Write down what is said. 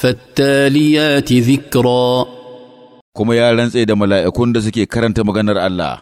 فالتاليات ذكرا كما يا رنتسي da mala'ikun da suke karanta maganar Allah